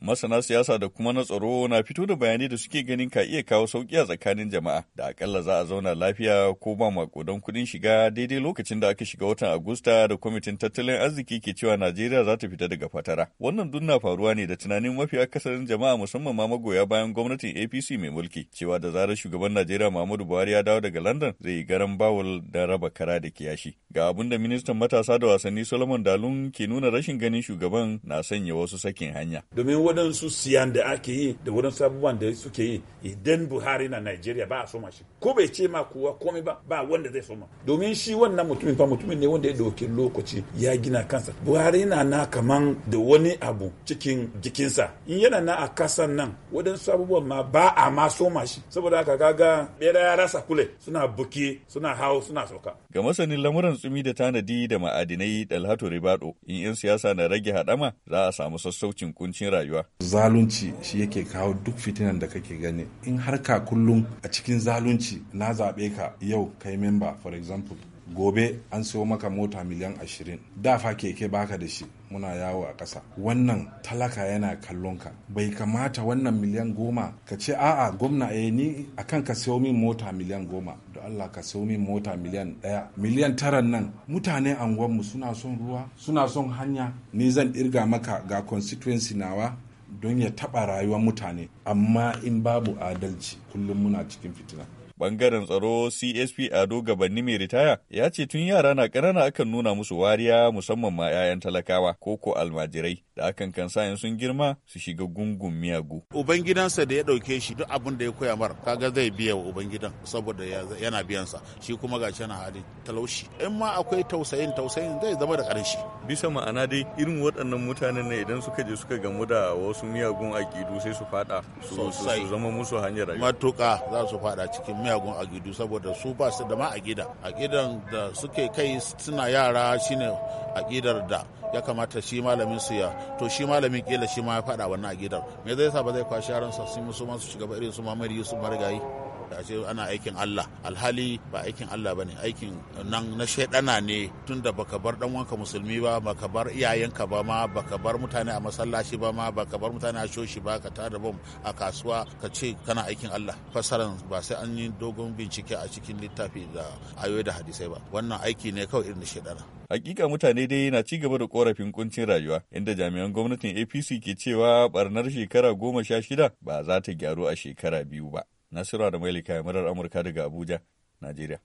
masana siyasa da kuma na tsaro na fito da bayanai da suke ganin ka iya kawo sauki a tsakanin jama'a da akalla za a zauna lafiya ko ba makudan kuɗin shiga daidai lokacin da aka shiga watan agusta da kwamitin tattalin arziki ke cewa najeriya za ta fita daga fatara wannan duk na faruwa ne da tunanin mafi akasarin jama'a musamman ma magoya bayan gwamnatin apc mai mulki cewa da zarar shugaban najeriya muhammadu buhari ya dawo daga london zai yi garan bawul da raba kara da kiyashi ga abin da ministan matasa da wasanni solomon dalun ke nuna rashin ganin shugaban na sanya wasu sakin hanya domin waɗansu siyan da ake yi da waɗansu abubuwan da suke yi idan buhari na nigeria ba a soma shi ko bai ce ma kowa komai ba ba wanda zai soma domin shi wannan mutumin fa mutumin ne wanda ya ɗauki lokaci ya gina kansa buhari na na kaman da wani abu cikin jikinsa in yana na a kasan nan waɗansu abubuwan ma ba a ma soma shi saboda haka kaga bera ya rasa kule suna buki suna hawo suna sauka ga masanin lamuran gutsumi da tanadi da ma'adinai dalhatu ribado in 'yan siyasa na rage haɗama za a samu sassaucin kuncin rayuwa zalunci shi yake kawo duk fitinan da kake gani in harka kullum a cikin zalunci na zaɓe ka yau kai memba for example gobe an siyo maka mota miliyan ashirin da fa keke baka da shi muna yawo a ƙasa wannan talaka yana kallon ka bai kamata wannan miliyan goma ka ce a'a gwamna a eh, ni a kan ka siyo min mota miliyan goma da Allah ka siyo min mota miliyan ɗaya miliyan taran nan mutane anguwanmu suna son ruwa suna son hanya ni zan irga maka ga constituency nawa don ya taɓa rayuwar mutane amma in babu adalci kullum muna cikin fitina Bangaren tsaro CSP Ado Gabanni mai ritaya ya ce tun yara na ƙanana akan nuna musu wariya musamman ma 'ya'yan talakawa ko ko almajirai da akan kan sayan sun girma su shiga gungun miyagu. Ubangidansa da ya ɗauke shi duk abin da ya koya mar kaga zai biya wa Ubangidan saboda yana biyansa shi kuma ga na hali talaushi. In ma akwai tausayin tausayin zai zama da ƙarshe. Bisa ma'ana dai irin waɗannan mutanen ne idan suka je suka gamu da wasu miyagun aƙidu sai su faɗa su zama musu hanyar rayuwa. Matuƙa za su faɗa cikin miyagun agidu saboda su ba su da ma agida agidan da suke kai suna yara shine agidar da ya kamata shi malamin su ya to shi malamin kila shi ma ya faɗa wannan agidar me zai sa ba zai kwashi sa sun musu su shiga ba irin su mamari su marigayi da ce ana aikin Allah alhali ba aikin Allah bane aikin nan na shaidana ne tunda baka bar dan wanka musulmi ba baka bar iyayenka ba ma baka bar mutane a masallaci ba ma baka bar mutane a shoshi ba ka tada bom a kasuwa ka ce kana aikin Allah fasaran ba sai an yi dogon bincike a cikin littafi da ayoyi da hadisai ba wannan aiki ne kawai irin shaidana hakika mutane dai na ci gaba da korafin kuncin rayuwa inda jami'an gwamnatin APC ke cewa barnar shekara goma sha shida ba za ta gyaru a shekara biyu ba Nasiru da Mailika murar Amurka daga Abuja, Najeriya.